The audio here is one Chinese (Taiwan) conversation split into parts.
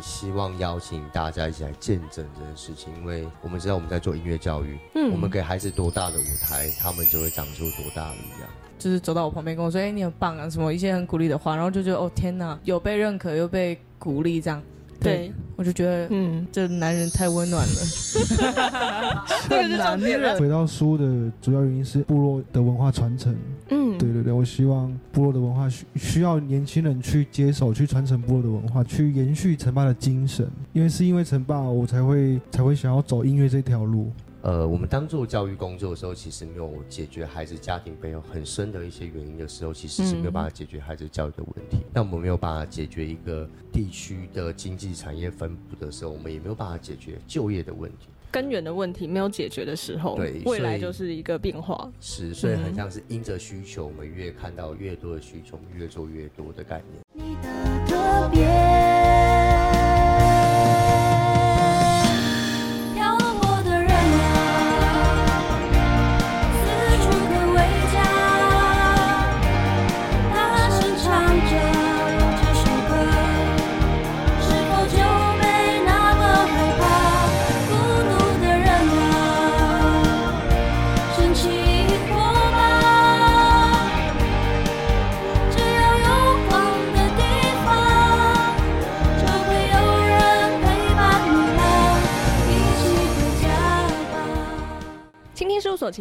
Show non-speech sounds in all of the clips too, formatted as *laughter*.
希望邀請大家一起來見證這件事情，因為我們知道我們在做音樂教育，嗯，我們給孩子多大的舞台，他們就會長出多大的力量。就是走到我旁邊跟我說：“哎、欸，你很棒啊！”什麼一些很鼓勵的話，然後就覺得哦天哪，有被認可又被鼓勵，這樣。對，對我就覺得，嗯，這男人太溫暖了。這個男人。 *laughs* 難回到書的主要原因是部落的文化傳承。嗯，對對對，我希望部落的文化需需要年輕人去接手，去傳承部落的文化，去延續陳爸的精神。因為是因為陳爸，我才會才會想要走音樂這條路。呃，我們當做教育工作的時候，其實沒有解決孩子家庭背後很深的一些原因的時候，其實是沒有辦法解決孩子教育的問題。嗯，那我們沒有辦法解決一個地區的經濟產業分布的時候，我們也沒有辦法解決就業的問題。根源的問題沒有解決的時候，對，未來就是一個變化。是，所以很像是因着需求，我們越看到越多的需求，越做越多的概念。你的特別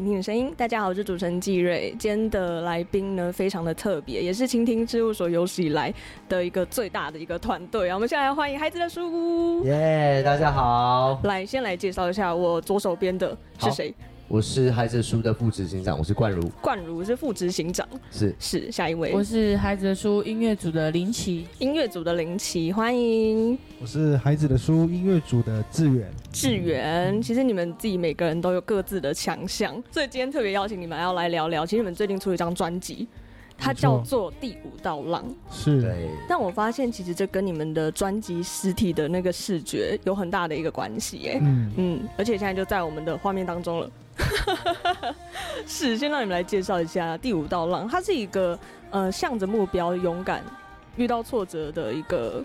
聽聲音，大家好，我是主持人紀瑞。今天的來賓呢，非常的特別，也是青聽事務所有史以來的一個最大的一個團隊。我們現在要歡迎孩子的書屋。耶！Yeah, 大家好，來先來介紹一下我左手邊的是誰？我是孩子的書的副執行長，我是冠如。冠如是副執行長，是是下一位。我是孩子的書音樂組的林奇，音樂組的林奇，歡迎。我是孩子的書音樂組的志遠。志遠，其實你們自己每個人都有各自的強項。所以今天特別邀請你們要來聊聊，其實你們最近出了一張專輯，它叫做《第五道浪》。是。但我發現，其實這跟你們的專輯實體的那個視覺有很大的一個關係，哎、嗯，嗯嗯，而且現在就在我們的畫面當中了。 *laughs* 是，先讓你們來介紹一下第五道浪，它是一個呃，向着目標勇敢遇到挫折的一個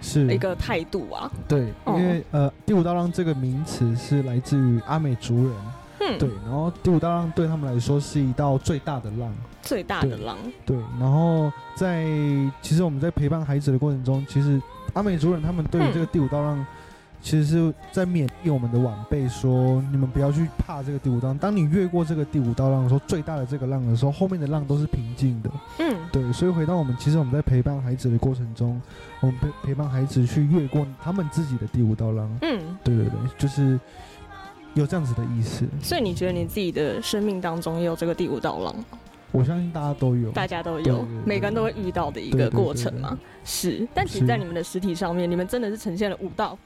是一個態度啊。對，嗯、因為呃，第五道浪這個名詞是來自於阿美族人。嗯。對，然後第五道浪對他們來說是一道最大的浪，最大的浪對。對，然後在其實我們在陪伴孩子的過程中，其實阿美族人他們對於這個第五道浪。嗯其實是在勉勵我們的晚輩，說你們不要去怕這個第五道，當你越過這個第五道浪的時候，最大的這個浪的時候，後面的浪都是平靜的。嗯，對。所以回到我們，其實我們在陪伴孩子的過程中，我們陪陪伴孩子去越過他們自己的第五道浪。嗯，對對對，就是有這樣子的意思。所以你覺得你自己的生命當中也有這個第五道浪？我相信大家都有，大家都有，對對對對每個人都會遇到的一個過程嘛。對對對對對是，但其實，在你們的實體上面，是你們真的是呈現了五道。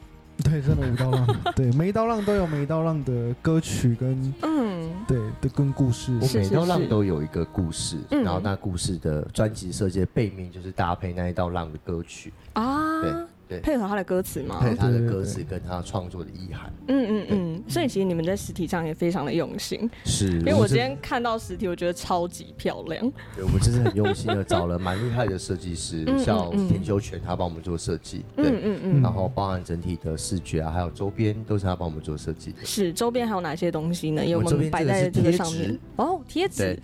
對，真的五道浪， *laughs* 對，每一道浪都有每一道浪的歌曲跟嗯，對都跟故事。我是每一道浪都有一個故事，是是是，然後那故事的專輯設計的背面就是搭配那一道浪的歌曲啊。嗯、對。配合他的歌詞嘛，配合他的歌詞跟他創作的意涵。嗯嗯嗯，所以其實你們在實體上也非常的用心。是，因為我今天看到實體，我覺得超級漂亮。對，我們真的很用心的找了蠻厲害的設計師，像田修全，他幫我們做設計。對嗯嗯，然後包含整體的視覺啊，還有周邊都是他幫我們做設計。是，周邊還有哪些東西呢？因為我們擺在這個上面哦，貼紙。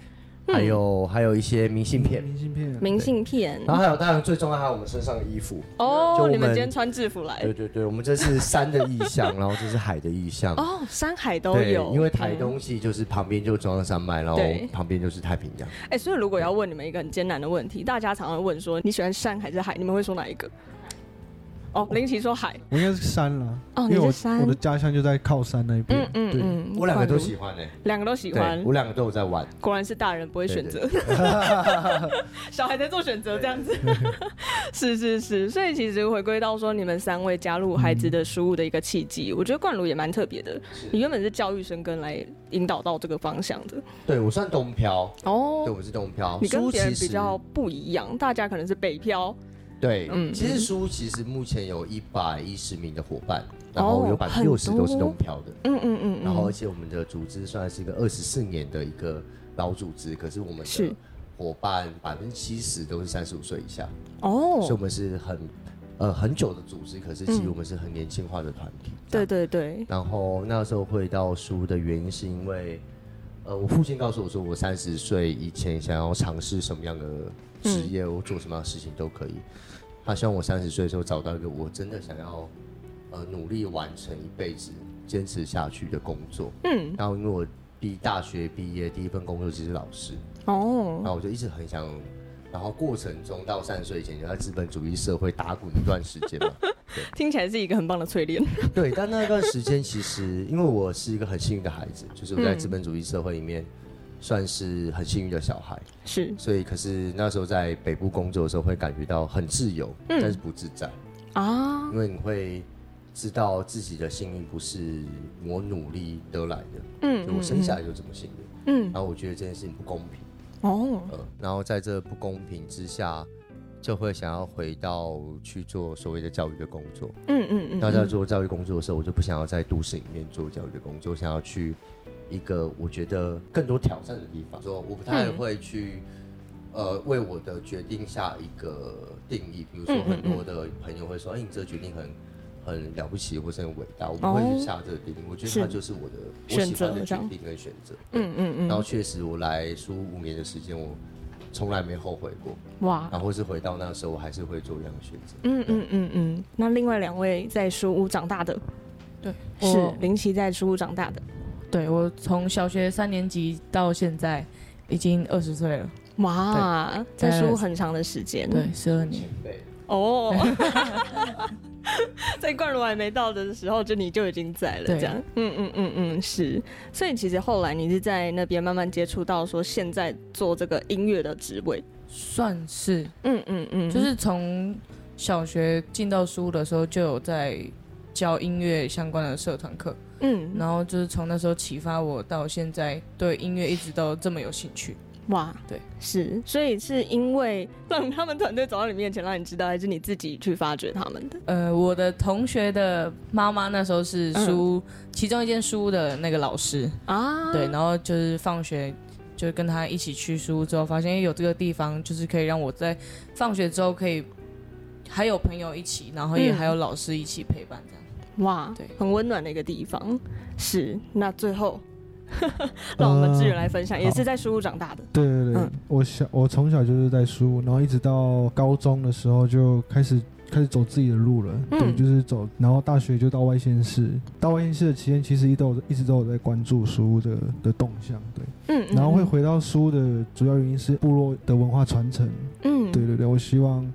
還有、嗯、還有一些明信片，明信片，對明信片，然後還有當然最重要還有我們身上的衣服哦，oh, 就我們你們今天穿制服來，對對對，我們這是山的意象， *laughs* 然後這是海的意象哦，oh, 山海都有，因為台東西就是旁邊就中央山脈，然後旁邊就是太平洋，哎、欸，所以如果要問你們一個很艱難的問題，大家常常問說你喜歡山還是海，你們會說哪一個？哦，林奇說海，我應該是山了。哦，因為，我的家鄉就在靠山那邊。嗯嗯嗯，我兩個都喜歡誒，兩個都喜歡。我兩個都有在玩。果然是大人不會選擇，小孩在做選擇這樣子。是是是，所以其實回歸到說，你們三位加入孩子的書屋的一個契機，我覺得冠儒也蠻特別的。你原本是教育生根來引導到這個方向的。對，我算東漂哦，對，我是東漂。你跟別人比較不一樣，大家可能是北漂。對，嗯、其實書其實目前有一百一十名的夥伴，哦、然後有百分之六十都是東漂的，嗯嗯嗯，嗯嗯然後而且我們的組織算是一個二十四年的一個老組織，是可是我們的夥伴百分之七十都是三十五歲以下，哦，所以我們是很呃很久的組織，可是其實我們是很年輕化的團體，嗯、這樣。對對對。然後那時候回到書的原因是因為，呃，我父親告訴我說我，我三十歲以前想要嘗試什麼樣的職業、嗯、我做什麼樣的事情都可以。他希望我三十歲的時候找到一個我真的想要，呃，努力完成一輩子、堅持下去的工作。嗯，然後因為我畢大學畢業第一份工作就是老師哦，然後我就一直很想，然後過程中到三十歲以前就在資本主義社會打滾一段時間嘛。 *laughs* 對聽起來是一個很棒的淬煉。 *laughs* 對，但那段時間其實因為我是一個很幸運的孩子，就是我在資本主義社會裡面。嗯算是很幸運的小孩，是，所以可是那時候在北部工作的時候會感覺到很自由，嗯、但是不自在啊，因為你會知道自己的幸運不是我努力得來的，嗯，就我生下來就這麼幸運，嗯，嗯，然後我覺得這件事情不公平，哦、嗯呃，然後在這不公平之下，就會想要回到去做所謂的教育的工作，嗯，嗯嗯嗯，大家做教育工作的時候，我就不想要在都市裡面做教育的工作，想要去。一個我覺得更多挑戰的地方，說我不太會去，呃，為我的決定下一個定義。比如說很多的朋友會說，哎，你這個決定很很了不起，或是很偉大。我不會去下這個定義，我覺得它就是我的我喜歡的決定跟選擇。嗯嗯嗯。然後確實，我來書屋五年的時間，我從來沒後悔過。哇！然後是回到那時候，我還是會做這樣的選擇，嗯。嗯嗯嗯嗯，嗯。那另外兩位在書屋長大的，對我 是，是林奇在書屋長大的。對，我從小學三年級到現在，已經二十歲了。哇，對在書屋很長的時間，嗯，對，十二年。前哦，在對 *laughs* *laughs* 冠如還沒到的時候，就你就已經在了，這樣。對嗯嗯嗯嗯，是。所以其實後來你是在那邊慢慢接觸到說現在做這個音樂的職位，算是。嗯嗯嗯，嗯嗯就是從小學進到書屋的時候就有在教音樂相關的社團課，嗯，然後就是從那時候啟發我到現在對音樂一直都這麼有興趣。哇，對，是，所以是因為讓他們團隊走到你面前讓你知道，還是你自己去發掘他們的？呃，我的同學的媽媽那時候是書，嗯，其中一間書的那個老師啊，對，然後就是放學就跟他一起去書之後，發現有這個地方，就是可以讓我在放學之後可以還有朋友一起，然後也還有老師一起陪伴這樣。嗯哇，對，很溫暖的一個地方，對是。那最後， *laughs* 讓我們志遠來分享，呃、也是在書屋長大的。對對對，嗯、我小我從小就是在書屋，然後一直到高中的時候就開始開始走自己的路了。嗯、對，就是走，然後大學就到外縣市，嗯、到外縣市的期間，其實一直都有一直都有在關注書屋的的動向。對，嗯，嗯，然後會回到書屋的主要原因是部落的文化傳承。嗯，對對對，我希望。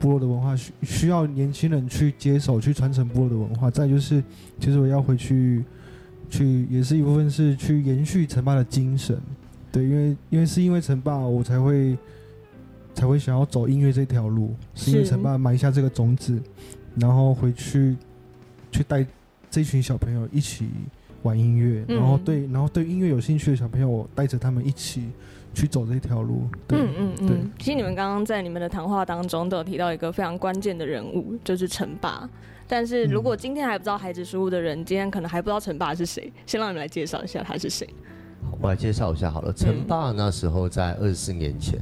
部落的文化需需要年輕人去接手去傳承部落的文化，再就是，其實我要回去，去也是一部分是去延續陳爸的精神，對，因為因為是因為陳爸我才會才會想要走音樂這條路，是，是因為陳爸埋下這個種子，然後回去去帶這群小朋友一起玩音樂、嗯，然後對然後對音樂有興趣的小朋友，我帶着他們一起。去走這條路。嗯嗯嗯。嗯嗯對其實你們剛剛在你們的談話當中都有提到一個非常關鍵的人物，就是陳爸。但是如果今天還不知道孩子書屋的人，嗯、今天可能還不知道陳爸是誰。先讓你們來介紹一下他是誰。我來介紹一下好了。陳爸、嗯、那時候在二十四年前，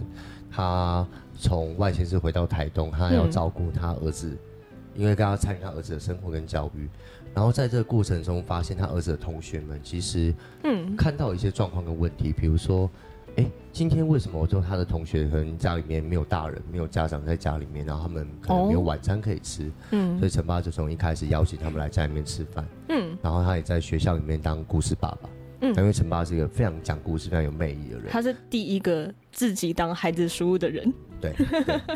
他從外縣市回到台東，他要照顧他兒子，嗯、因為跟他參與他兒子的生活跟教育。然後在這個過程中，發現他兒子的同學們其實，嗯，看到一些狀況跟問題，比如說。哎，今天為什麼就他的同學？可能家裡面沒有大人，沒有家長在家裡面，然後他們可能沒有晚餐可以吃，哦、嗯，所以陳爸就從一開始邀請他們來家裡面吃飯，嗯，然後他也在學校裡面當故事爸爸，嗯，因為陳爸是一個非常講故事、非常有魅力的人。他是第一個自己當孩子書屋的人。對，對，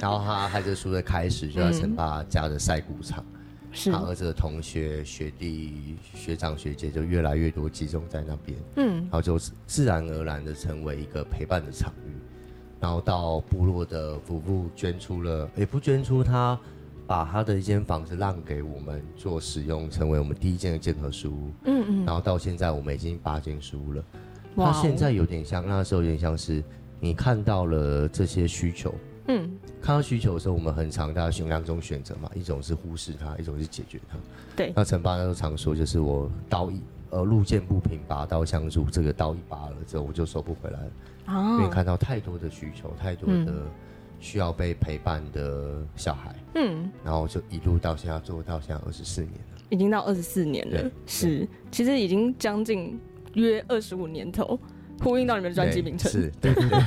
然後他孩子書的開始就在陳爸家的曬穀場。嗯嗯。是，他兒子的同學、學弟、學長、學姐就越來越多集中在那邊，嗯，然後就自然而然的成為一個陪伴的場域。然後到部落的夫婦捐出了，也不捐出他，他把他的一間房子讓給我們做使用，成為我們第一間的建和書屋，嗯嗯。然後到現在我們已經八間書屋了。哇、哦！他現在有點像那時候，有點像是你看到了這些需求。嗯，看到需求的時候，我們很常大家有兩種選擇嘛，一種是忽視它，一種是解決它。對，那陳爸他都常說，就是我刀一呃路見不平拔刀相助，這個刀一拔了之後我就收不回來了。哦、啊，因為看到太多的需求，太多的需要被陪伴的小孩，嗯，然後就一路到現在做到現在二十四年了，已經到二十四年了，是，其實已經將近約二十五年頭。呼應到你們的專輯名稱，是對對對對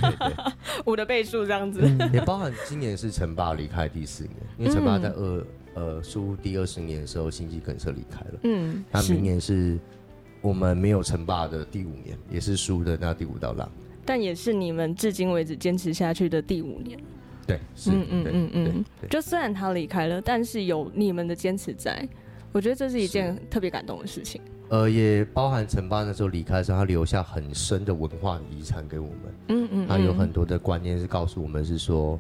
五 *laughs* 的倍數這樣子，嗯。也包含今年是陳爸離開第四年，嗯、因為陳爸在二呃書第二十年的時候，心肌梗塞離開了。嗯，那明年是我們沒有陳爸的第五年，也是書的那第五道浪，但也是你們至今為止堅持下去的第五年。對，是嗯嗯嗯嗯，嗯嗯嗯就雖然他離開了，但是有你們的堅持在，我覺得這是一件特別感動的事情。呃，也包含陳爸那時候離開的時候，他留下很深的文化遺產給我們。嗯嗯。嗯嗯他有很多的觀念是告訴我們，是說，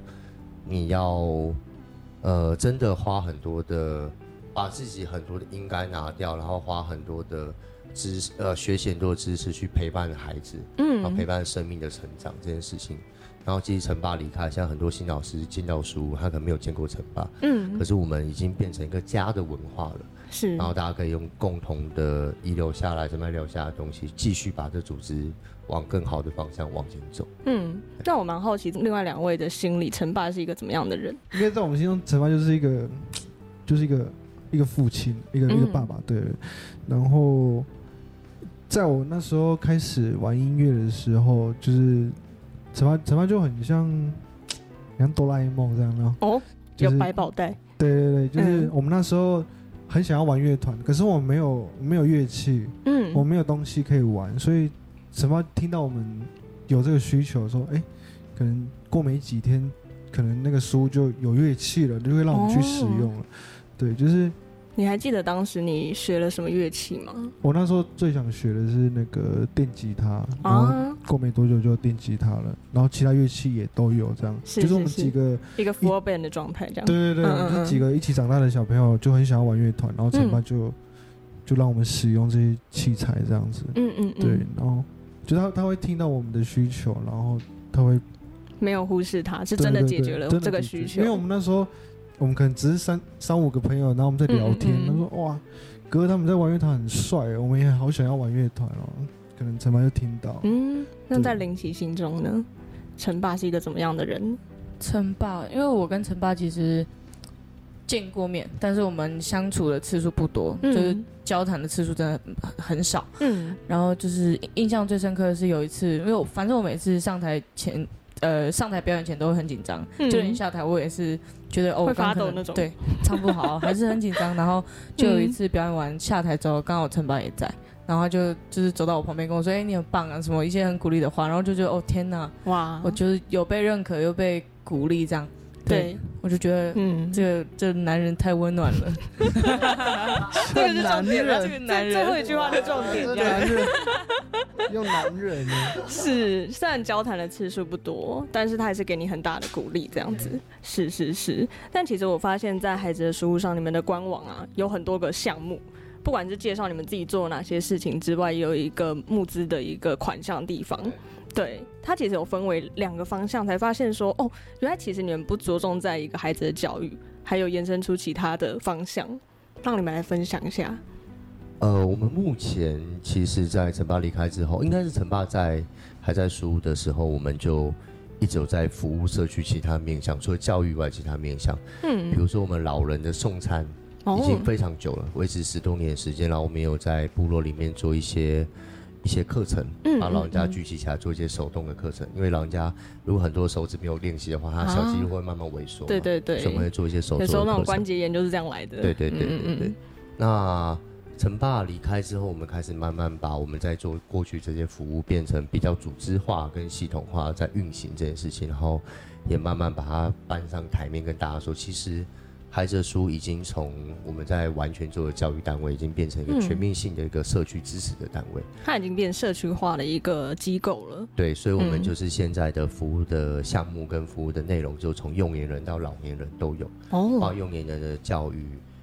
你要，呃，真的花很多的，把自己很多的應該拿掉，然後花很多的知識，呃，學習很多的知識去陪伴孩子，嗯，然後陪伴生命的成長這件事情。然後其實陳爸離開，現在很多新老師進到書，他可能沒有見過陳爸，嗯，可是我們已經變成一個家的文化了。是，然後大家可以用共同的遺留下來、怎麼樣留下的東西，繼續把這組織往更好的方向往前走。嗯，在我蠻好奇，對另外兩位的心理，陳爸是一個怎麼樣的人？因為在我們心中，陳爸就是一個，就是一個一個父親，一個一個爸爸。嗯、對，然後在我那時候開始玩音樂的時候，就是陳爸，陳爸就很像，很像哆啦 A 夢、哦、這樣有沒有，呢、就是。哦，有百寶袋。對對對，就是我們那時候。嗯很想要玩樂團，可是我沒有我沒有樂器，嗯，我沒有東西可以玩，所以什麼聽到我們有這個需求的時候，說哎，可能過沒幾天，可能那個書就有樂器了，就會讓我們去使用了，哦、對，就是。你還記得當時你學了什麼樂器嗎？我那時候最想學的是那個電吉他，啊、然後過沒多久就電吉他了，然後其他樂器也都有，這樣是是是就是我們幾個一,一個 full band 的狀態這樣。對對對，們、嗯嗯嗯、幾個一起長大的小朋友就很想要玩樂團，然後陳爸就、嗯、就讓我們使用這些器材這樣子。嗯，嗯嗯。對，然後就他他會聽到我們的需求，然後他會沒有忽視他，他是真的解決了對對對，解決這個需求。因為我們那時候。我們可能只是三三五個朋友，然後我們在聊天。他、嗯嗯、說：“哇，哥他們在玩樂團很帥，我們也好想要玩樂團哦。”可能陳爸就聽到。嗯，那在林奇心中呢？陳爸是一個怎麼樣的人？陳爸，因為我跟陳爸其實見過面，但是我們相處的次數不多，嗯、就是交談的次數真的很，很少。嗯，然後就是印象最深刻的是有一次，因為我反正我每次上台前。呃，上台表演前都會很緊張，嗯、就連下台我也是覺得、嗯、哦，剛可能發對唱不好， *laughs* 還是很緊張。然後就有一次表演完、嗯、下台之後，剛好陳爸也在，然後就就是走到我旁邊跟我說：“哎、欸，你很棒啊，什麼一些很鼓勵的話。”然後就覺得哦，天吶，哇，我就是有被認可，又被鼓勵這樣。對。對我就覺得，嗯，這個這男人太溫暖了。這個是重點，這個男人 *laughs* 最後一句話的重點。用男人呢？是雖然交談的次數不多，但是他還是給你很大的鼓勵，這樣子。對是是是，但其實我發現，在孩子的書屋，你們的官網啊，有很多個項目，不管是介紹你們自己做哪些事情之外，也有一個募資的一個款項地方。對，他其實有分為兩個方向，才發現說哦，原來其實你們不着重在一個孩子的教育，還有延伸出其他的方向，讓你們來分享一下。呃，我們目前其實，在陳爸離開之後，應該是陳爸在還在服務的時候，我們就一直有在服務社區其他面向，除了教育以外，其他面向，嗯，比如說我們老人的送餐已經非常久了，維持十多年的時間了。然後我們也有在部落裡面做一些。一些課程，把老嗯嗯嗯、啊、人家聚集起來做一些手動的課程，嗯嗯嗯，因為老人家如果很多手指沒有練習的話，他小肌肉會慢慢萎縮。啊啊，對對對，所以我們會做一些手動的。有時候那種關節炎就是這樣來的。對對對對對。嗯嗯嗯，那陳爸離開之後，我們開始慢慢把我們在做過去這些服務變成比較組織化跟系統化在運行這件事情，然後也慢慢把它搬上台面，跟大家說，其實。孩子書屋已經從我們在完全做的教育單位，已經變成一個全面性的一個社區支持的單位。它、嗯、已經變社區化的一個機構了。對，所以我們就是現在的服務的項目跟服務的內容，就從幼年人到老年人都有哦，幫幼年人的教育，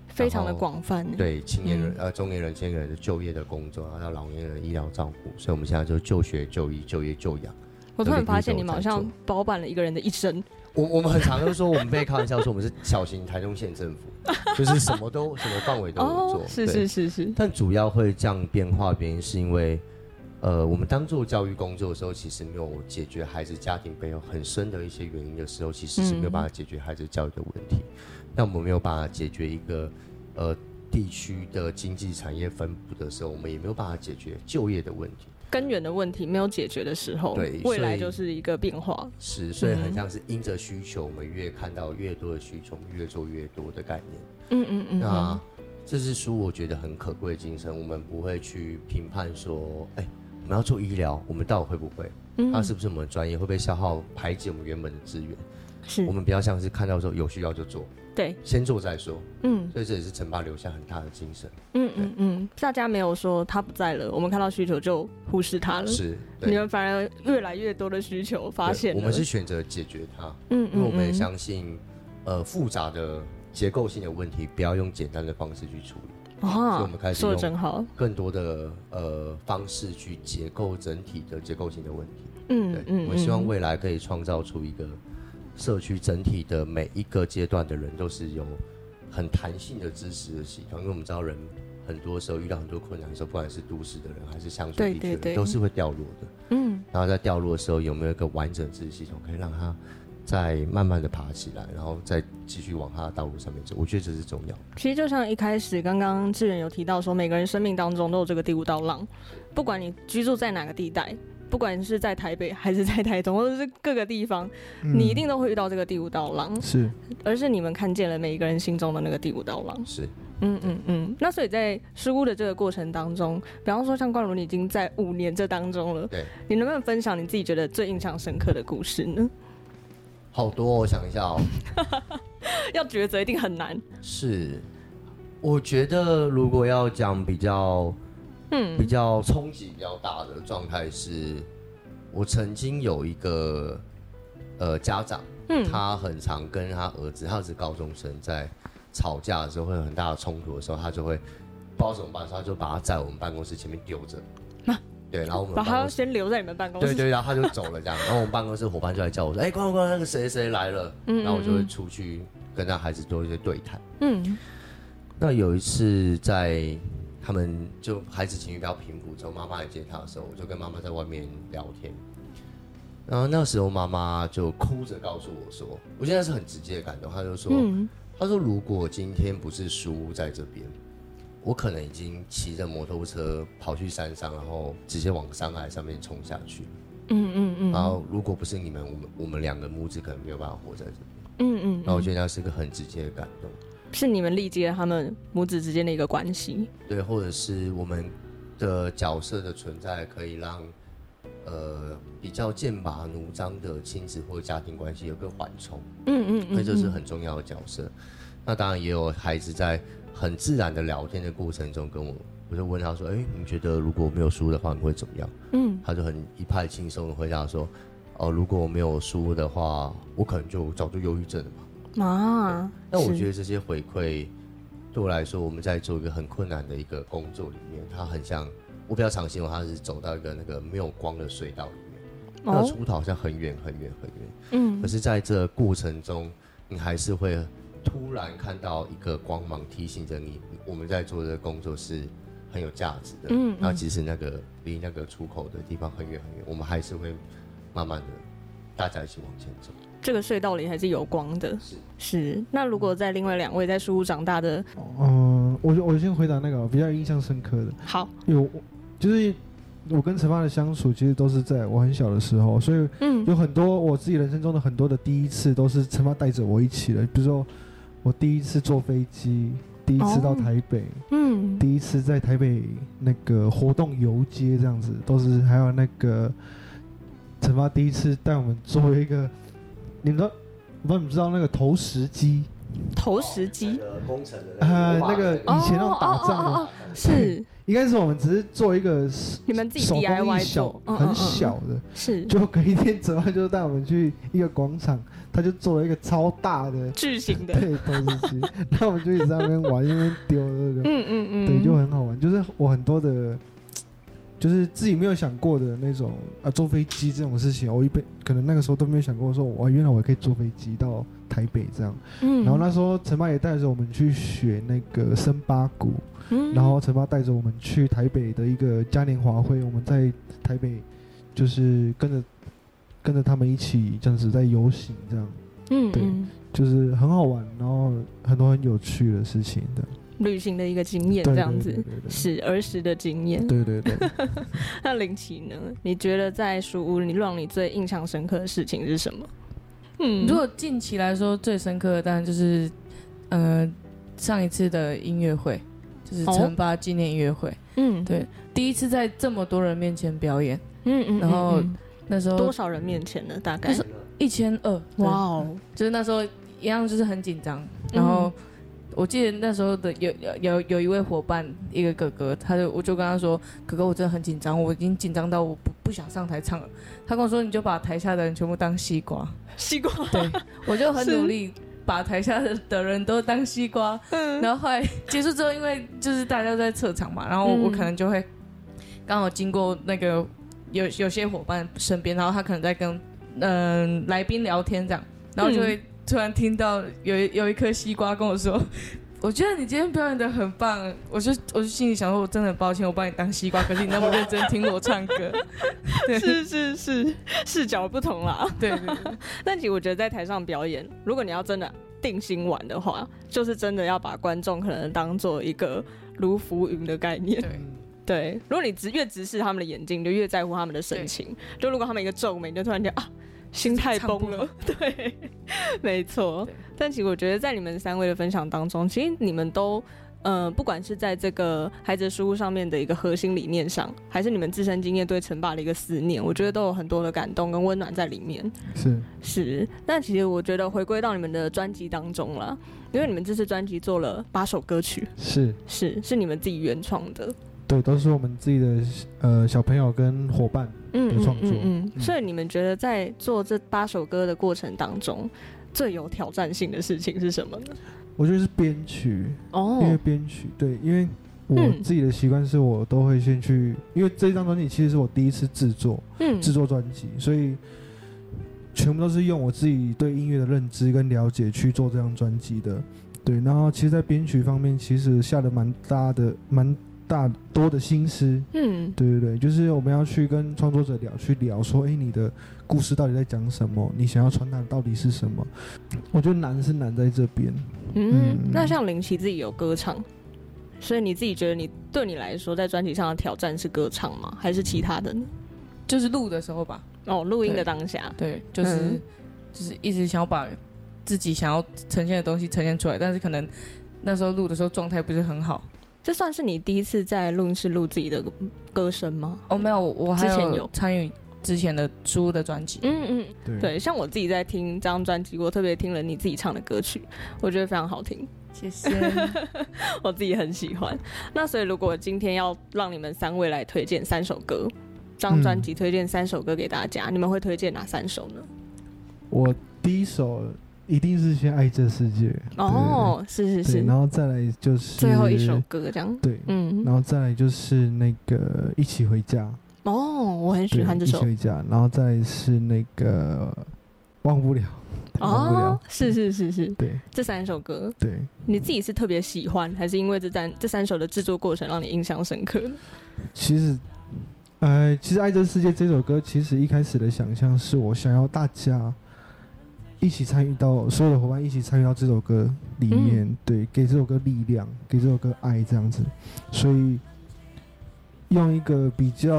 非常的廣泛。對，青年人、嗯、呃中年人、青年人就業的工作，然後到老年人的醫療照顧。所以我們現在就就學、就醫、就業、就養。我突然發現你們好像包辦了一個人的一生。我我們很常都說，我們被開玩笑說我們是小型台東縣政府， *laughs* 就是什麼都什麼範圍都能做。哦、對是是是是。但主要會這樣變化，原因是因為，呃，我們當做教育工作的時候，其實沒有解決孩子家庭背後很深的一些原因的時候，其實是沒有辦法解決孩子教育的問題。但、嗯、哼我們沒有辦法解決一個呃地區的經濟產業分布的時候，我們也沒有辦法解決就業的問題。根源的問題沒有解決的時候，對未來就是一個變化。是，所以很像是因着需求，我們越看到越多的需求，越做越多的概念。嗯嗯嗯。那這是書我覺得很可貴的精神，我們不會去評判說，哎、欸，我們要做醫療，我們到底會不會？那是不是我們的專業？會被消耗排擠我們原本的資源？是我們比較像是看到說有需要就做，對，先做再說，嗯，所以這也是陳爸留下很大的精神，嗯對嗯嗯，大家沒有說他不在了，我們看到需求就忽視他了，是，你們反而越來越多的需求發現了，我們是選擇解決它，嗯因為我們也相信，呃，複雜的結構性的問題不要用簡單的方式去處理，啊，所以我們開始用更多的呃方式去結構整體的結構性的問題，嗯嗯，對我們希望未來可以創造出一個。社區整體的每一個階段的人都是有很彈性的支持的系統，因為我們知道人很多時候遇到很多困難的時候，不管是都市的人還是鄉村地區的人，對對對都是會掉落的。嗯，然後在掉落的時候有沒有一個完整的支持系統，可以讓他再慢慢的爬起來，然後再繼續往他的道路上面走？我覺得這是重要的。其實就像一開始剛剛志遠有提到說，每個人生命當中都有這個第五道浪，不管你居住在哪個地帶。不管是在台北還是在台中，或者是各個地方，嗯、你一定都會遇到這個第五道浪。是，而是你們看見了每一個人心中的那個第五道浪。是，嗯嗯對嗯。那所以在書屋的這個過程當中，比方說像冠如，你已經在五年這當中了。對。你能不能分享你自己覺得最印象深刻的故事呢？好多、哦，我想一下哦。 *laughs* 要抉擇一定很難。是，我覺得如果要講比較。嗯，比較衝擊比較大的狀態是，我曾經有一個，呃，家長，嗯，他很常跟他兒子，他是高中生，在吵架的時候會有很大的衝突的時候，他就會不知道怎麼辦，他就把他在我們辦公室前面丟着，那、啊、對，然後我們把他先留在你們辦公室，對，對對，然後他就走了這樣， *laughs* 然後我們辦公室夥伴就來叫我說，哎、欸，快快快，那個誰誰來了，嗯，嗯，嗯，然後我就會出去跟他孩子做一些對談，嗯，那有一次在。他們就孩子情緒比較平復之後，媽媽來接他的時候，我就跟媽媽在外面聊天。然後那時候媽媽就哭着告訴我說：“我現在是很直接的感動。”她就說：“嗯、她說如果今天不是書在這邊，我可能已經騎着摩托車跑去山上，然後直接往山崖上面衝下去。”嗯嗯嗯。然後如果不是你們，我們我們兩個母子可能沒有辦法活在這邊。嗯,嗯嗯。那我覺得那是一個很直接的感動。是你們理解了他們母子之間的一個關係，對，或者是我們的角色的存在可以讓呃比較劍拔弩張的親子或家庭關係有個緩衝，嗯嗯，嗯，嗯，嗯，所那這是很重要的角色。那當然也有孩子在很自然的聊天的過程中跟我，我就問他說：“哎，你覺得如果沒有書的話，你會怎麼樣？”嗯，他就很一派輕鬆的回答說：“哦、呃，如果沒有書的話，我可能就早就憂鬱症了嘛。”啊！那我覺得這些回饋，是對我來說，我們在做一個很困難的一個工作裡面，它很像，我比較常形容它是走到一個那個沒有光的隧道裡面，哦、那出口好像很遠很遠很遠，嗯，可是在這過程中，你還是會突然看到一個光芒，提醒着你，我們在做的工作是很有價值的，嗯，嗯，那其實那個離那個出口的地方很遠很遠，我們還是會慢慢的大家一起往前走。這個隧道裡還是有光的，是，是。那如果在另外兩位在書屋長大的，嗯、呃，我我先回答那個我比較印象深刻的。好，有，就是我跟陳爸的相處，其實都是在我很小的時候，所以嗯，有很多我自己人生中的很多的第一次，都是陳爸帶着我一起的。比如說，我第一次坐飛機，第一次到台北，嗯、哦，第一次在台北那個活動遊街這樣子，都是還有那個陳爸第一次帶我們作為一個。你們說，我不知道那個投石機，投石機，呃，工程的，呃，那個以前那種打仗的，是，應該是我們只是做一個，你們自己 DIY，很小的，是，就以一天早上就帶我們去一個廣場，他就做了一個超大的，巨型的，對，投石機，那我們就一直在那邊玩，一直丟這個，嗯嗯嗯，對，就很好玩，就是我很多的。就是自己沒有想過的那種啊，坐飛機這種事情，我一輩可能那個時候都沒有想過說，說我原來我可以坐飛機到台北這樣。嗯。然後那時候陳爸也帶着我們去學那個森巴鼓，嗯。然後陳爸帶着我們去台北的一個嘉年華會，我們在台北就是跟着跟着他們一起這樣子在遊行這樣。嗯，嗯。對，就是很好玩，然後很多很有趣的事情的。旅行的一個經驗，這樣子是兒時，時的經驗。對對對，對。 *laughs* 那林奇呢？你覺得在書屋裡讓你最印象深刻的事情是什麼？嗯，如果近期來說最深刻的，當然就是，呃，上一次的音樂會，就是陳爸紀念音樂會。Oh. 對嗯，對，第一次在這麼多人面前表演。嗯嗯，嗯嗯。然後那時候多少人面前呢？大概是一千二。哇哦！Wow. 就是那時候一樣，就是很緊張。然後。我記得那時候的有有有，有一位伙伴，一個哥哥，他就我就跟他說：“哥哥，我真的很緊張，我已經緊張到我不不想上台唱了。”他跟我說：“你就把台下的人全部當西瓜，西瓜。”對，我就很努力把台下的人都當西瓜。嗯是。然後後來結束之後，因為就是大家都在撤場嘛，然後我、嗯、我可能就會剛好經過那個有有些伙伴身邊，然後他可能在跟嗯、呃、來賓聊天這樣，然後就會。嗯突然聽到有一有一顆西瓜跟我說：“我覺得你今天表演得很棒。”我就我就心裡想說：“我真的很抱歉，我幫你當西瓜，可是你那麼認真聽我唱歌。 *laughs* 對”是是是，視角不同啦。對，對對 *laughs* 但其實我覺得在台上表演，如果你要真的定心丸的話，就是真的要把觀眾可能當做一個如浮雲的概念。對，對如果你直越直視他們的眼睛，你就越在乎他們的神情。對就如果他們一個皺眉，你就突然就啊。心態崩了， *laughs* 對，沒錯。對但其實我覺得，在你們三位的分享當中，其實你們都，呃不管是在這個孩子書屋上面的一個核心理念上，還是你們自身經驗對陳爸的一個思念，我覺得都有很多的感動跟溫暖在裡面。是是。那其實我覺得，回歸到你們的專輯當中了，因為你們這次專輯做了八首歌曲，是是是，是是你們自己原創的。對，都是我們自己的呃小朋友跟夥伴的創作。嗯嗯。嗯嗯嗯嗯。所以你們覺得在做這八首歌的過程當中，最有挑戰性的事情是什麼呢？我覺得是編曲哦，因為編曲對，因為我自己的習慣是我都會先去，嗯，因為這張專輯其實是我第一次制作，嗯，制作專輯，所以全部都是用我自己對音樂的認知跟了解去做這張專輯的。對，然後其實，在編曲方面，其實下得蠻大的，蠻。大多的心思，嗯，對對對，就是我們要去跟創作者聊，去聊說，哎，你的故事到底在講什麼？你想要傳達的到底是什麼？我覺得難是難在這邊。嗯，哼嗯，那像林奇自己有歌唱，所以你自己覺得你對你來說，在專輯上的挑戰是歌唱嗎？還是其他的呢？就是錄的時候吧。哦，錄音的當下，對，對就是、嗯、就是一直想要把自己想要呈現的東西呈現出來，但是可能那時候錄的時候狀態不是很好。這算是你第一次在錄音室錄自己的歌聲嗎？哦，沒有，我還有參與之前的書的、的專輯。嗯嗯，嗯對，對，像我自己在聽這張專輯，我特別聽了你自己唱的歌曲，我覺得非常好聽。謝謝， *laughs* 我自己很喜歡。那所以，如果今天要讓你們三位來推薦三首歌，這張專輯推薦三首歌給大家，嗯、你們會推薦哪三首呢？我第一首。一定是先《愛這世界》哦，是是是，然後再來就是最後一首歌這樣。對，嗯，然後再來就是那個《一起回家》哦，我很喜歡這首《一起回家》，然後再來是那個《忘不了》哦。是是是是，對，這三首歌，對，你自己是特別喜歡，還是因為這三這三首的制作過程讓你印象深刻？其實，哎，其實《愛這世界》這首歌，其實一開始的想象是我想要大家，一起參與到所有的夥伴一起參與到這首歌裡面，嗯、對，給這首歌力量，給這首歌愛這樣子，所以用一個比較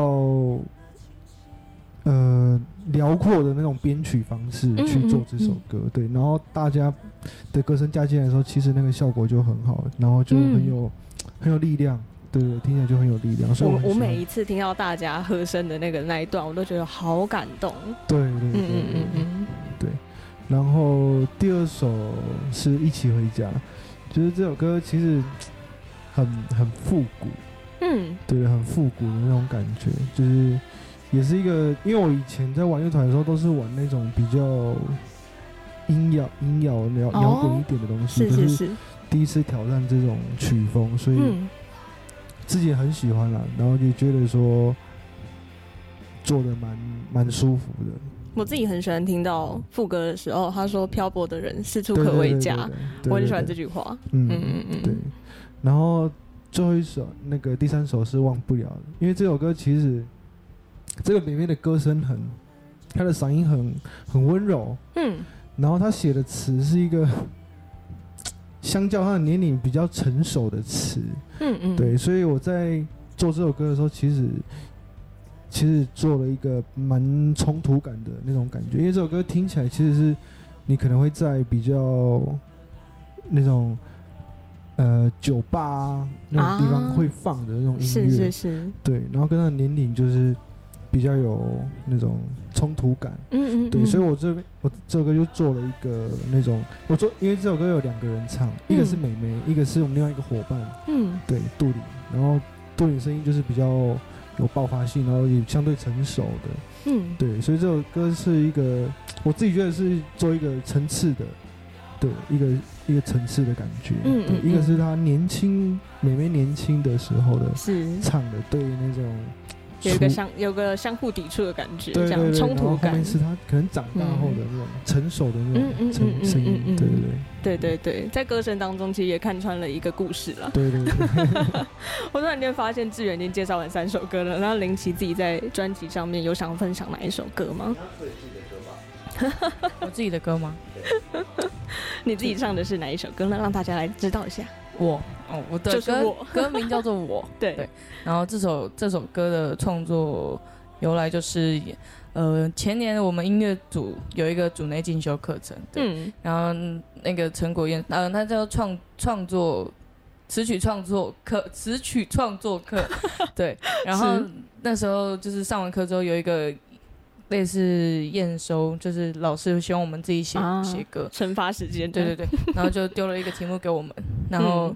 呃遼闊的那種編曲方式去做這首歌，嗯嗯嗯對，然後大家的歌聲加進來的時候，其實那個效果就很好，然後就很有、嗯、很有力量，對，聽起來就很有力量。所以我我，我每一次聽到大家和聲的那個那一段，我都覺得好感動。對，對，對，對，對，對。嗯，嗯嗯嗯。然後第二首是一起回家，覺、就、得、是、這首歌其實很很復古，嗯，對，很復古的那種感覺，就是也是一個，因為我以前在玩樂團的時候都是玩那種比較陰搖滾、搖滾一點的東西，哦、就是是，第一次挑戰這種曲風，嗯、所以自己很喜歡啦、啊，然後就覺得說做的蠻蠻舒服的。我自己很喜歡聽到副歌的時候，他說“漂泊的人四處可為家”，我很喜歡這句話。對對對對，嗯嗯嗯，對。然後最後一首，那個第三首是忘不了的，因為這首歌其實這個裡面的歌聲很，他的嗓音很很溫柔。嗯。然後他寫的詞是一個，相較他的年齡比較成熟的詞。嗯嗯。對，所以我在做這首歌的時候，其實。其實做了一個蠻衝突感的那種感覺，因為這首歌聽起來其實是你可能會在比較那種呃酒吧那種地方會放的那種音樂，是是是，對。然後跟他的年齡就是比較有那種衝突感，嗯嗯，對。所以我這邊我這首歌就做了一個那種，我做因為這首歌有兩個人唱，一個是美眉，一個是我們另外一個夥伴，嗯，對，杜林，然後杜林聲音就是比較。有爆發性，然後也相對成熟的，嗯，對，所以這首歌是一個，我自己覺得是做一個層次的，對，一個一個層次的感覺，嗯，對，一個是她年輕，嗯嗯妹妹年輕的時候的，是唱的，對於那種。有一個相有一個相互抵觸的感覺，對對對，這樣衝突感。然後後面是他可能長大後的那種、嗯、成熟的那種聲音，對對對對對對，在歌聲當中其實也看穿了一個故事了。對對對，我突然間發現志遠已經介紹完三首歌了。然後林奇自己在專輯上面有想要分享哪一首歌嗎？有自己的歌嗎？ *laughs* 我自己的歌嗎？ *laughs* 你自己唱的是哪一首歌呢？讓大家來知道一下。我哦，我的歌歌名叫做“我”， *laughs* 對，對，然後這首這首歌的創作由來就是，呃，前年我們音樂組有一個組內進修課程，對，嗯，然後那個陳國燕，呃，他叫創創作詞曲創作課詞曲創作課，作課 *laughs* 對。然後詞那時候就是上完課之後，有一個。類似驗收，就是老師希望我們自己寫寫、啊、歌，懲罰時間。對，對對對，然後就丟了一個題目給我們， *laughs* 然後、嗯、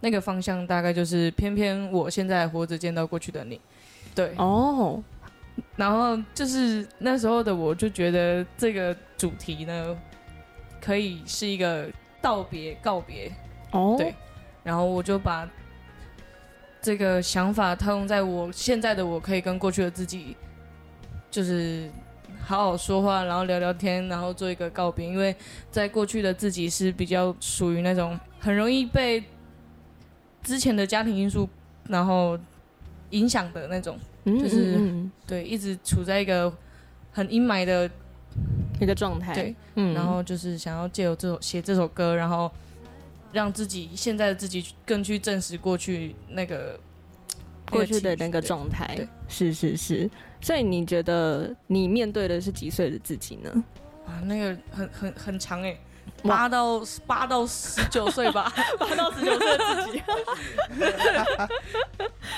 那個方向大概就是“偏偏我現在活着見到過去的你”，對。對哦，然後就是那時候的我就覺得這個主題呢，可以是一個道別告別。哦，對，然後我就把這個想法套用在我現在的我，可以跟過去的自己。就是好好說話，然後聊聊天，然後做一個告別。因為，在過去的自己是比較屬於那種很容易被之前的家庭因素然後影響的那種，就是對一直處在一個很陰霾的一個狀態。對，嗯。然後就是想要借由這首寫這首歌，然後讓自己現在的自己更去證實過去那個。過去的那個狀態，是是是，所以你覺得你面對的是幾歲的自己呢？啊，那個很很很長誒、欸。八到哇八到十九歲吧，八到十九歲 *laughs* 的自己，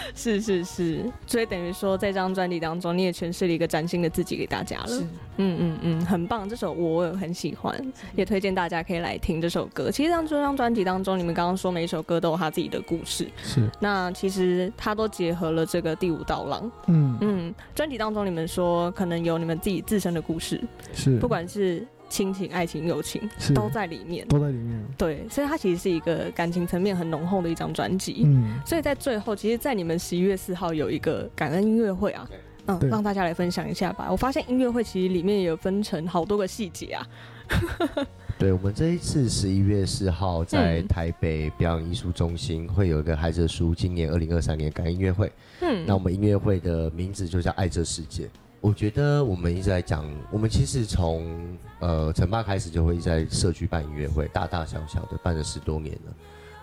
*laughs* 是是是，所以等於說，在這張專輯當中，你也詮釋了一個嶄新的自己給大家了。是，嗯嗯嗯，很棒。這首我,我也很喜歡，是也推薦大家可以來聽這首歌。其實，這張專輯當中，當中你們剛剛說每一首歌都有他自己的故事。是。那其實他都結合了這個第五道浪。嗯嗯。專輯、嗯、當中，你們說可能有你們自己自身的故事，是，不管是。親情、愛情、友情是都在裡面，都在裡面。對，所以它其實是一個感情層面很濃厚的一張專輯。嗯，所以在最後，其實，在你們十一月四號有一個感恩音樂會啊，嗯，對讓大家來分享一下吧。我發現音樂會其實裡面也有分成好多個細節啊。 *laughs* 對我們這一次十一月四號在台北表演藝術中心會有一個孩子的書，今年二零二三年感恩音樂會。嗯，那我們音樂會的名字就叫《愛這世界》。我覺得我們一直在講，我們其實從呃陳爸開始就會一直在社區辦音樂會，大大小小的辦了十多年了。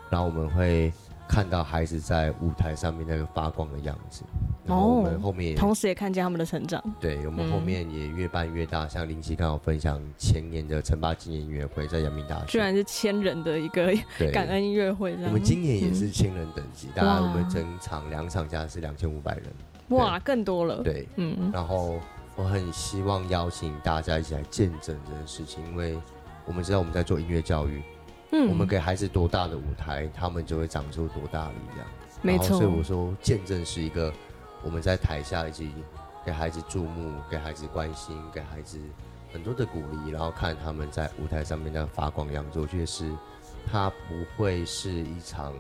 然後我們會看到孩子在舞台上面那個發光的樣子，然後我們後面、哦、同時也看見他們的成長。對，我們後面也越辦越大，嗯、像林奇剛好分享前年的陳爸紀念音樂會，在陽明大學居然是千人的一個感恩音樂會。我們今年也是千人等級，嗯、大概我們整場兩場加的是兩千五百人。對哇，更多了。對，嗯，嗯。然後我很希望邀請大家一起來見證這件事情，因為我們知道我們在做音樂教育，嗯，我們給孩子多大的舞台，他們就會長出多大的力量。沒錯，所以我說見證是一個我們在台下一起給孩子注目、給孩子關心、給孩子很多的鼓勵，然後看他們在舞台上面的發光揚州，我覺得是它不會是一場。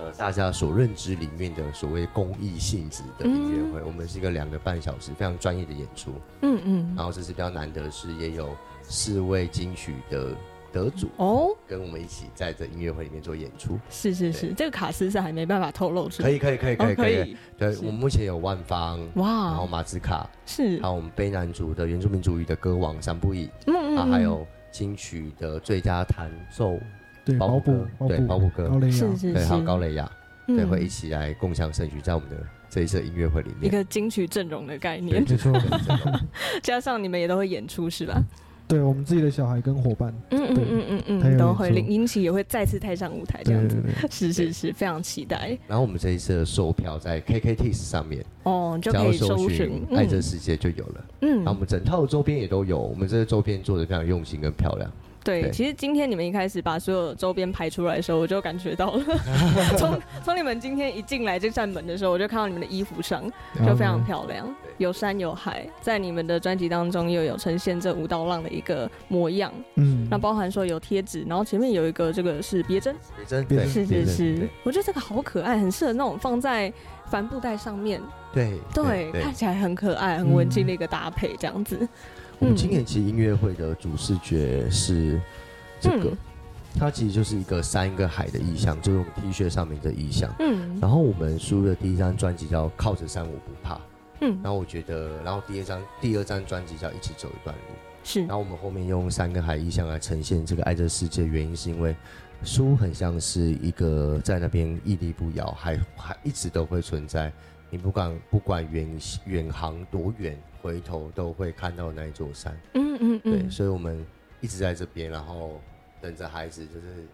呃，大家所認知裡面的所謂公益性質的音樂會，我們是一個兩個半小時非常專業的演出。嗯嗯。然後，這次比較難得，是也有四位金曲的得主哦，跟我們一起在這音樂會裡面做演出。是是是，這個卡司是還沒辦法透露出來。可以可以可以可以可以。對，我們目前有萬芳，哇，然後馬子卡，是，還有我們卑南族的原住民族語的歌王桑布伊，嗯，還有金曲的最佳彈奏。對，保普，對，保普哥，高磊雅，對，還有高磊雅。對，會一起來共享盛舉，在我們的這一次音樂會裡面，一個金曲陣容的概念。加上你們也都會演出是吧？對我們自己的小孩跟夥伴，嗯嗯嗯嗯都會，林林奇也會再次踏上舞台，這樣子。是是是，非常期待。然後我們這一次的售票在 KKTIX 上面哦，就可以搜尋愛這世界就有了。嗯，那我們整套的周邊也都有，我們這個周邊做的非常用心跟漂亮。對，對其實今天你們一開始把所有周邊排出來的時候，我就感覺到了。從從 *laughs* 你們今天一進來這扇門的時候，我就看到你們的衣服上就非常漂亮，Okay 有山有海，在你們的專輯當中又有呈現這五道浪的一個模樣。嗯，那包含說有貼紙，然後前面有一個這個是別針，別針，對，是是是，我覺得這個好可愛，很適合那種放在帆布袋上面，對，對，對，對，看起來很可愛，很文靜的一個搭配，這樣子。嗯我們今年其實音樂會的主視覺是這個，嗯、它其實就是一個山一個海的意象，就是我們 T 恤上面的意象。嗯。然後我們書的第一張專輯叫《靠着山我不怕》，嗯。然後我覺得，然後第二張第二張專輯叫《一起走一段路》。是。然後我們後面用山跟海意象來呈現這個愛這世界，原因是因為書很像是一個在那邊屹立不搖，還還一直都會存在。你不管不管遠遠航多遠，回頭都會看到那一座山。嗯嗯嗯，嗯嗯對，所以我們一直在這邊，然後等着孩子，就是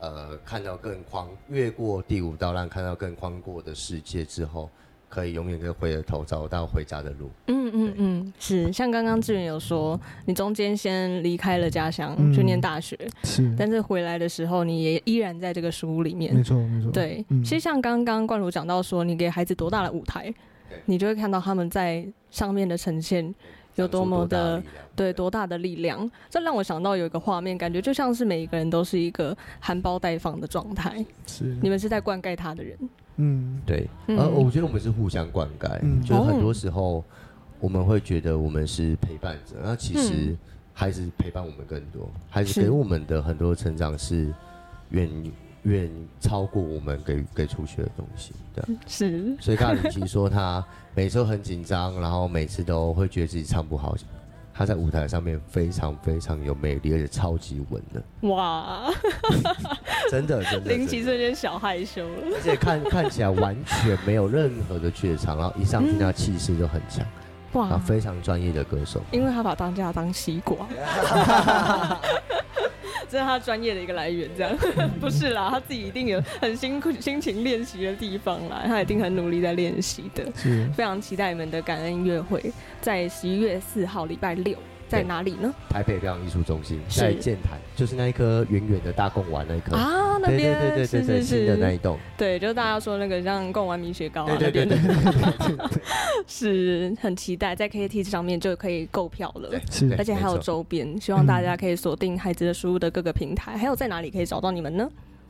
呃，看到更寬，越過第五道浪，看到更寬闊的世界之後。可以永遠就回了頭，找到回家的路。嗯嗯嗯，是。像剛剛志遠有說，你中間先離開了家鄉去、嗯、念大學，是。但是回來的時候，你也依然在這個書屋裡面。沒錯沒錯。對，嗯、其實像剛剛冠如講到說，你給孩子多大的舞台，對你就會看到他們在上面的呈現有多麼的，對，多大的力量。這讓我想到有一個畫面，感覺就像是每一個人都是一個含苞待放的狀態。是。你們是在灌溉他的人。嗯，對，嗯、而我覺得我們是互相灌溉，嗯、就是很多時候我們會覺得我們是陪伴者，那、嗯、其實孩子陪伴我們更多，嗯、孩子給我們的很多的成長是遠遠是超過我們給給出去的東西，對，是。所以大禹晴說他每次很緊張， *laughs* 然後每次都會覺得自己唱不好。他在舞台上面非常非常有魅力，而且超級穩的。哇 *laughs* 真的，真的真的。林奇有點小害羞，而且看看起來完全沒有任何的怯場，然後一上台他氣勢就很強。哇、嗯，非常專業的歌手。因為他把當家當西瓜 *laughs* *laughs* 這是他專業的一個來源，這樣 *laughs* 不是啦，他自己一定有很辛苦、辛勤練習的地方啦，他一定很努力在練習的，是非常期待你們的感恩音樂會，在十一月四號禮拜六。在哪裡呢？台北表演藝術中心，在建台，就是那一顆圓圓的大貢丸那一顆啊，那邊是新的那一棟。對，就是大家說那個像貢丸米血糕那邊，是很期待，在 KKTIX 上面就可以購票了，而且還有周邊，希望大家可以鎖定孩子的書屋的各個平台，還有在哪裡可以找到你們呢？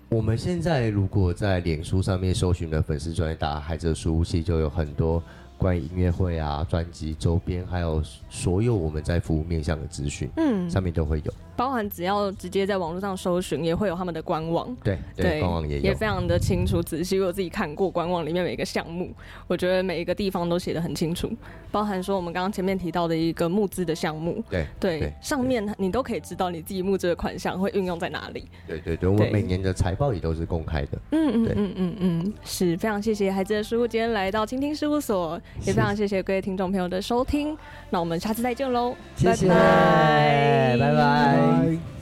我們現在如果在臉書上面搜尋的粉絲專頁打孩子的書屋，其實就有很多。關於音樂會啊、專輯周邊，還有所有我們在服務面向的資訊，嗯，上面都會有，包含只要直接在網絡上搜尋，也會有他們的官網。對對，對對官網也有，也非常的清楚、仔細。我自己看過官網裡面每一個項目，我覺得每一個地方都寫得很清楚，包含說我們剛剛前面提到的一個募資的項目，對對，對對上面你都可以知道你自己募資的款項會運用在哪裡。對對對，對，我每年的財報也都是公開的。對對嗯嗯嗯嗯嗯，是非常謝謝孩子的書屋今天來到青聽事務所。也非常謝謝各位聽眾朋友的收聽，那我們下次再見嘍，拜拜，拜拜。